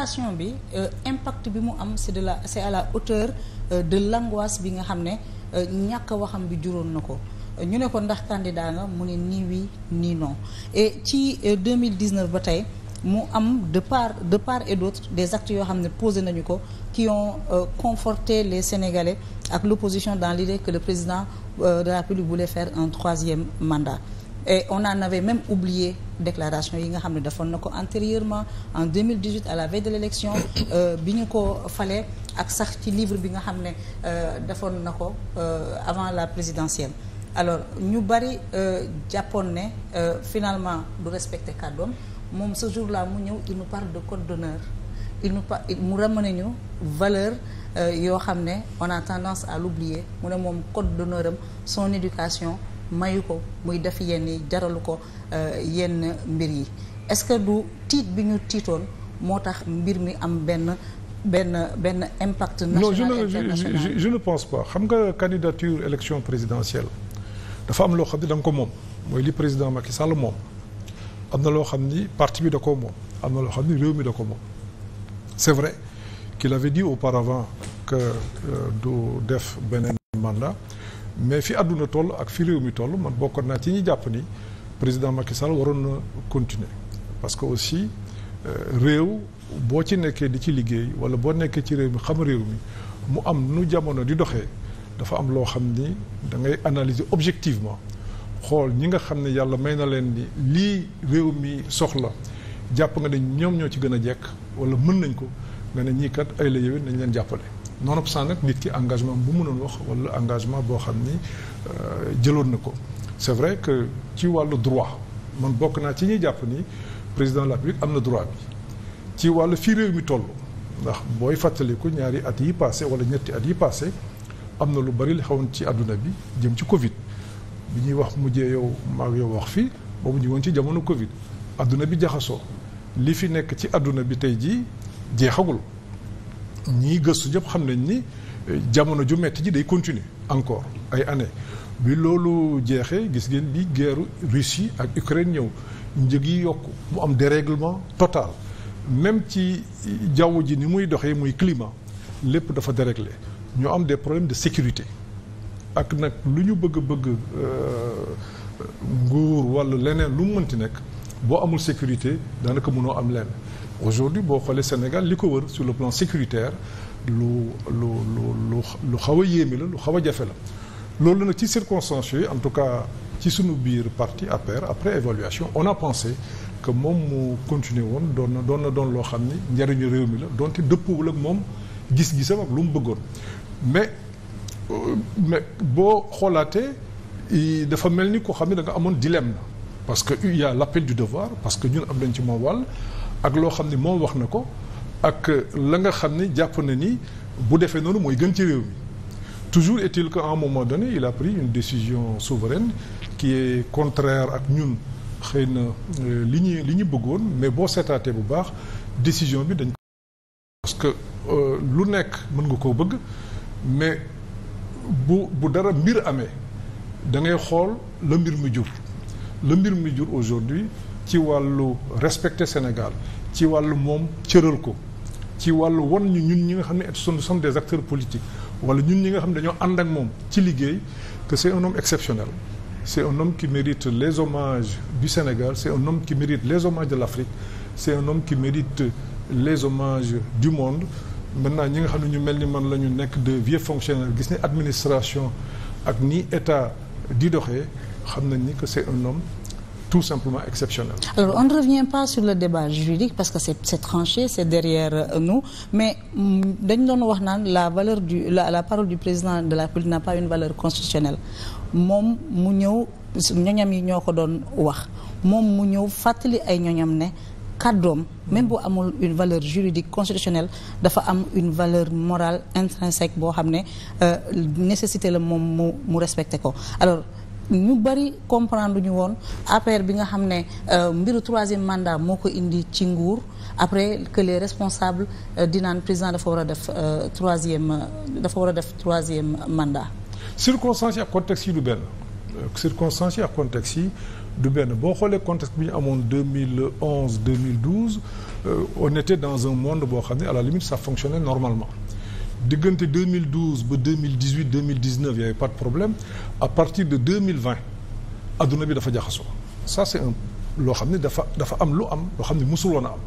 inflation bi euh, impact bi mu am c'est de la c'est à la hauteur euh, de l'angoisse bi nga xam ne euh, ñàkk waxam bi juróon na ko ñu ne ko ndax candidat nga mu ne ni oui ni non e ci 2019 ba tey mu am de part de part et d'autre des actes yoo xam ne posé nañu ko qui ont euh, conforté les Sénégalais ak l'opposition dans l'idée que le président euh, de la République voulait faire un troisième mandat et on en avait même oublié déclaration yi nga xam ne defoon na ko antérieurement en 2018 à la veille de l'élection euh, bi ñu ko falee ak sax ci livre bi nga xam ne euh, defoon na ko euh, avant la présidentielle alors ñu bari jàppoon ne finalement du respecter kàddoom moom ce jour-là mu ñëw il nous parle de code d'honneur il nous pa mu ramane ñu valeur yoo xam ne on a tendance à l'oublier mu ne moom code d'honneur son éducation mayu ko muy def yenn jaralu ko euh, yenn mbir yi est-ce que du tiit bi ñu tiitoon moo tax mbir mi am benn benn benn impact national non je ne ne pense pas xam nga candidature élection présidentielle dafa am loo xam ne da ko moom mooy li président Macky Sall moom am na loo xam ni partie bi da ko moom am na loo xam ni réew mi da ko moom c'est vrai qu'il avait di auparavant que euh, du def beneen mandat mais fi àdduna toll ak fi réew mi toll man bokkoon naa ci ñi jàpp ni président Macky Sall waroon na continuer parce que aussi euh, réew boo ci nekkee di ci liggéey wala boo nekkee ci réew mi xam réew mi mu am nu jamono di doxee dafa am loo xam ni da ngay analyser objectivement xool ñi nga xam ne yàlla may na leen ni lii réew mi soxla jàpp nga ne ñoom ñoo ci gën a jekk wala mën nañ ko nga ne ñii kat ay la yewén nañ leen jàppale nonobstant nag nit ki engagement bu mënoon wax wala engagement boo xam ni euh, jëloon na ko c'est vrai que ci wàllu droit man bokk naa ci ñuy jàpp ni président de la République am na droit bi ci wàllu fii réew mi toll ndax booy fàttaliku ñaari at yi passé wala ñetti at yi passé am na lu bari li xawoon ci adduna bi jëm ci Covid bi ñuy wax mujjee yow maag yow wax fii boobu ñu woon ci jamono Covid àdduna bi jaxasoo li fi nekk ci àdduna bi tey jii jeexagul ñii gëstu ñëpp xam nañ ni eh, jamono ju metti ji day continuer encore ay années bi loolu jeexee gis ngeen bi guerre Russie ak Ukraine ñëw njëg yi yokk mu am déréglement total même ci jaww ji ni muy doxee muy climat lépp dafa déréglé ñu am des problèmes de sécurité ak nag lu ñu bëgg bëgg euh, nguur walla leneen lu mu mënti nekk boo amul sécurité daanaka mënoo am lenn aujourd'hui boo xoolee Sénégal li ko wër sur le plan sécuritaire lu lu lu lu xaw a yéeme la lu xaw a jafe la loolu nag ci circonstances yooyu en tout cas ci suñu biir parti APR après évaluation on a pensé que moom mu continuer woon doon na doon na doon loo xam ni njëriñu réew mi la donte wul ak moom gis-gisam ak lu mu bëggoon mais euh, mais boo xoolaatee dafa mel ni ko xam ne da amoon dilemme la parce que il y a l'appel du devoir parce que ñun am nañ ci moom wàll ak loo xam ne moom wax na ko ak la nga xam ne jàpp na ni bu defee noonu mooy gën ci réew mi toujours est ko en un moment donné il a pris une décision souveraine qui est contraire ak ñun xëy na euh, li ñu li ñu bëggoon mais boo seetaatee bu baax décision bi dañ parce que euh, lu nekk mën nga koo bëgg mais bu bu dara mbir amee da ngay xool la mbir mi jur la mbir mi jur aujourd'hui ci wàllu respecter Sénégal ci wàllu moom cëral ko ci wàllu wan ñu ñun ñi nga xam ne nous sommes des acteurs politiques wala ñun ñi nga xam ne dañoo ànd ak moom ci liggéey que c'est un homme exceptionnel c'est un homme qui mérite les hommages du Sénégal c'est un homme qui mérite les hommages de l'Afrique c'est un homme qui mérite les hommages du monde maintenant ñi nga xam ne ñu mel ni man la ñu nekk de vieux fonctionnaires gis ne administration ak ni état di doxee xam nañ ni que un homme tout simplement exceptionnel. Alors on ne revient pas sur le débat juridique parce que c'est tranché, c'est derrière euh, nous, mais mm, dañ doon wax naan la valeur du la, la parole du président de la République n'a pas une valeur constitutionnelle moom mu ñëw ñoñam yi ñoo ko doon wax moom mu ñëw fàttali ay ñoñam ne kàddoom même boo amul une valeur juridique constitutionnelle dafa am une valeur morale intrinsèque boo xam ne euh, nécessité la moom mu mu respecté ko ñu bëri comprendre ñu woon affaire bi nga xam ne euh, mbiru troisième mandat moo ko indi ci nguur après que les responsables euh, di naan président dafa war a def euh, troisième dafa war a def troisième mandat. circonstances yi ak contexte yi du benn circonstances yi ak contexte yi du benn boo xoolee contexte bi ñu amoon 2011 2012 on était dans un monde boo xam ne à la limite ça fonctionnait normalement. diggante 2012 ba 2018 2019 y avait pas de problème à partir de 2020 adduna bi dafa jaxasoo ça c'est un loo xam ne dafa dafa am lu am loo xam ne musul woon a am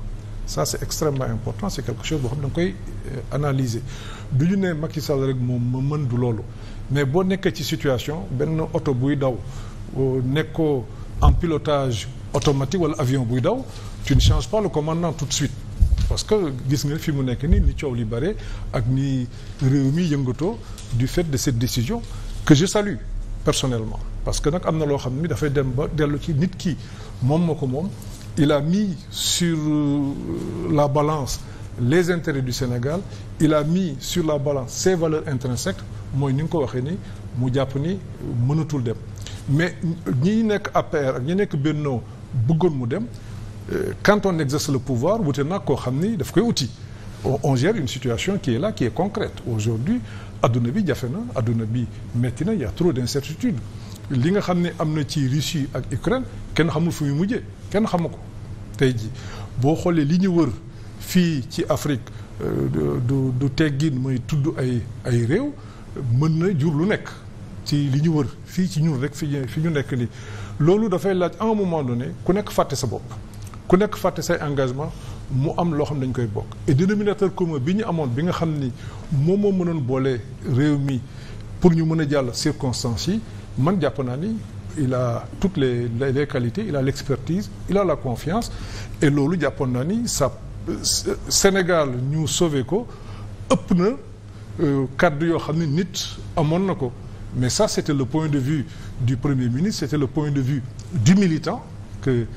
ça c'est extrêmement important c'est quelque chose boo xam ne nga koy euh, analyser du ñu ne Macky Sall rek moom ma mën du loolu mais boo nekkee ci situation benn oto buy daw euh, nekkoo en pilotage automatique wala avion buy daw tu ne changes pas le commandant tout de suite parce que gis nga fi mu nekk nii ni coow li bare ak ni réew mi yëngatoo du fait de cette décision que je salue personnellement parce que nag am na loo xam ni dafay dem ba dellu ci nit ki moom moo ko moom il a mis sur euh, la balance les intérêts du Sénégal il a mis sur la balance ses valeurs intrinsèques mooy ni nga ko waxee ni mu jàpp ni mënatul dem mais ñi nekk APR ak ñi nekk Benno bëggoon mu dem Euh, quand on exerce le pouvoir wute nag koo xam ni daf koy uti on gère une situation qui est là qui est concrète aujourd'hui adduna bi jafe na adduna bi métti na y a trop d'incertitudes li nga xam ne am na ci Russie ak Ukraine kenn xamul fu muy mujjee kenn xamu ko tey ji boo xoolee li ñu wër fii ci Afrique euh, du du teggin mooy tudd ay ay réew mën na jur lu nekk ci li ñu wër fii ci ñun rek fi fi ñu nekk nii loolu dafay laaj à un moment donné ku nekk fàtte sa bopp ku nekk fàtte say engagement mu am loo xam ne dañ koy bokk et dénominateur commun bi ñu amoon bi nga xam ni moom moo mënoon boole réew mi pour ñu mën a jàll circonstances yi man jàpp naa ni il a toutes les les qualités il a l'expertise il a la confiance et loolu jàppoon naa ni sa Sénégal ñu sauvé ko ëpp na euh, kàddu yoo xam ne nit amoon na ko mais ça c'était le point de vue du Premier ministre c'était le point de vue du militant que